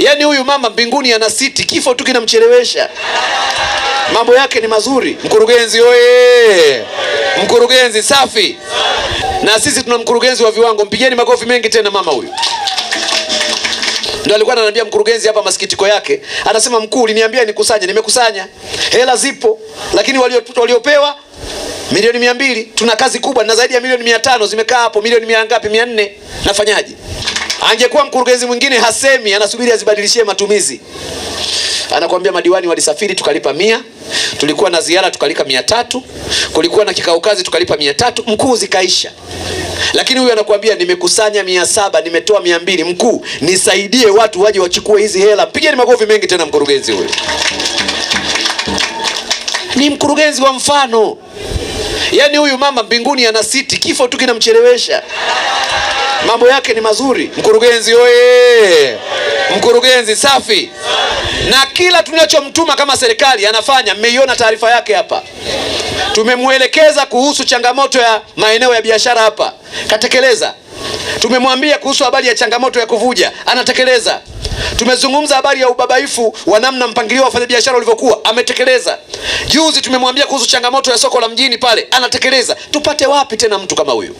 Yaani huyu mama mbinguni ana siti, kifo tu kinamchelewesha. Mambo yake ni mazuri. Mkurugenzi oye! Mkurugenzi safi! Na sisi tuna mkurugenzi wa viwango, mpigeni makofi mengi tena mama huyu. Ndio alikuwa ananiambia mkurugenzi hapa, masikitiko yake anasema, mkuu, uliniambia nikusanye, nimekusanya hela, zipo lakini walio waliopewa milioni mia mbili, tuna kazi kubwa na zaidi ya milioni mia tano zimekaa hapo, milioni mia ngapi, mia nne, nafanyaje? Angekuwa mkurugenzi mwingine hasemi, anasubiri azibadilishie matumizi. Anakuambia madiwani walisafiri tukalipa mia, tulikuwa na ziara tukalipa mia tatu, kulikuwa na kikao kazi tukalipa mia tatu, mkuu zikaisha. Lakini huyu anakuambia nimekusanya mia saba, nimetoa mia mbili. Mkuu nisaidie, watu waje wachukue hizi hela. Pigeni makofi mengi tena mkurugenzi huyu. Ni mkurugenzi wa mfano. Yaani huyu mama mbinguni ana siti, kifo tu kinamchelewesha. Mambo yake ni mazuri. Mkurugenzi oye! Mkurugenzi safi, na kila tunachomtuma kama serikali anafanya. Mmeiona taarifa yake hapa, tumemwelekeza kuhusu changamoto ya maeneo ya biashara hapa, katekeleza. Tumemwambia kuhusu habari ya changamoto ya kuvuja, anatekeleza. Tumezungumza habari ya ubabaifu wa namna mpangilio wa wafanyabiashara ulivyokuwa, ametekeleza. Juzi tumemwambia kuhusu changamoto ya soko la mjini pale, anatekeleza. Tupate wapi tena mtu kama huyu?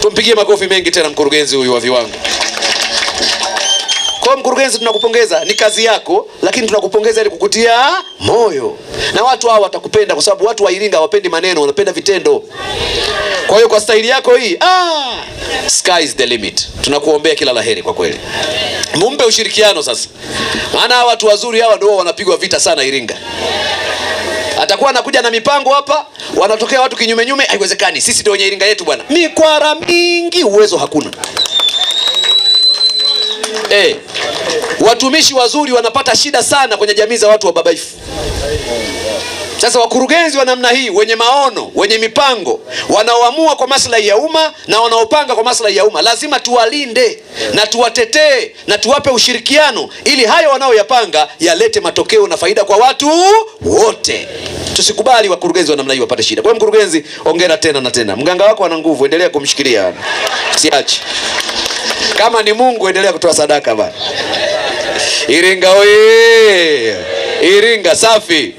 Tumpigie makofi mengi tena mkurugenzi huyu wa viwango. Kwa mkurugenzi, tunakupongeza, ni kazi yako, lakini tunakupongeza ili kukutia moyo, na watu hao watakupenda kwa sababu watu wa Iringa hawapendi maneno, wanapenda vitendo. Kwa hiyo kwa staili yako hii, ah, sky is the limit. Tunakuombea kila laheri kwa kweli, mumpe ushirikiano sasa, maana watu wazuri hawa ndio wanapigwa vita sana Iringa atakuwa anakuja na mipango hapa, wanatokea watu kinyume nyume. Haiwezekani, sisi ndio wenye Iringa yetu bwana. Mikwara mingi, uwezo hakuna eh, watumishi wazuri wanapata shida sana kwenye jamii za watu wababaifu. Sasa wakurugenzi wa namna hii wenye maono, wenye mipango, wanaoamua kwa maslahi ya umma na wanaopanga kwa maslahi ya umma, lazima tuwalinde na tuwatetee na tuwape ushirikiano, ili hayo wanaoyapanga yalete matokeo na faida kwa watu wote. Tusikubali wakurugenzi wa namna hii wapate shida. Kwa hiyo, mkurugenzi, ongera tena na tena, mganga wako ana nguvu, endelea kumshikilia, siachi kama ni Mungu, endelea kutoa sadaka bana. Iringa oye! Iringa safi!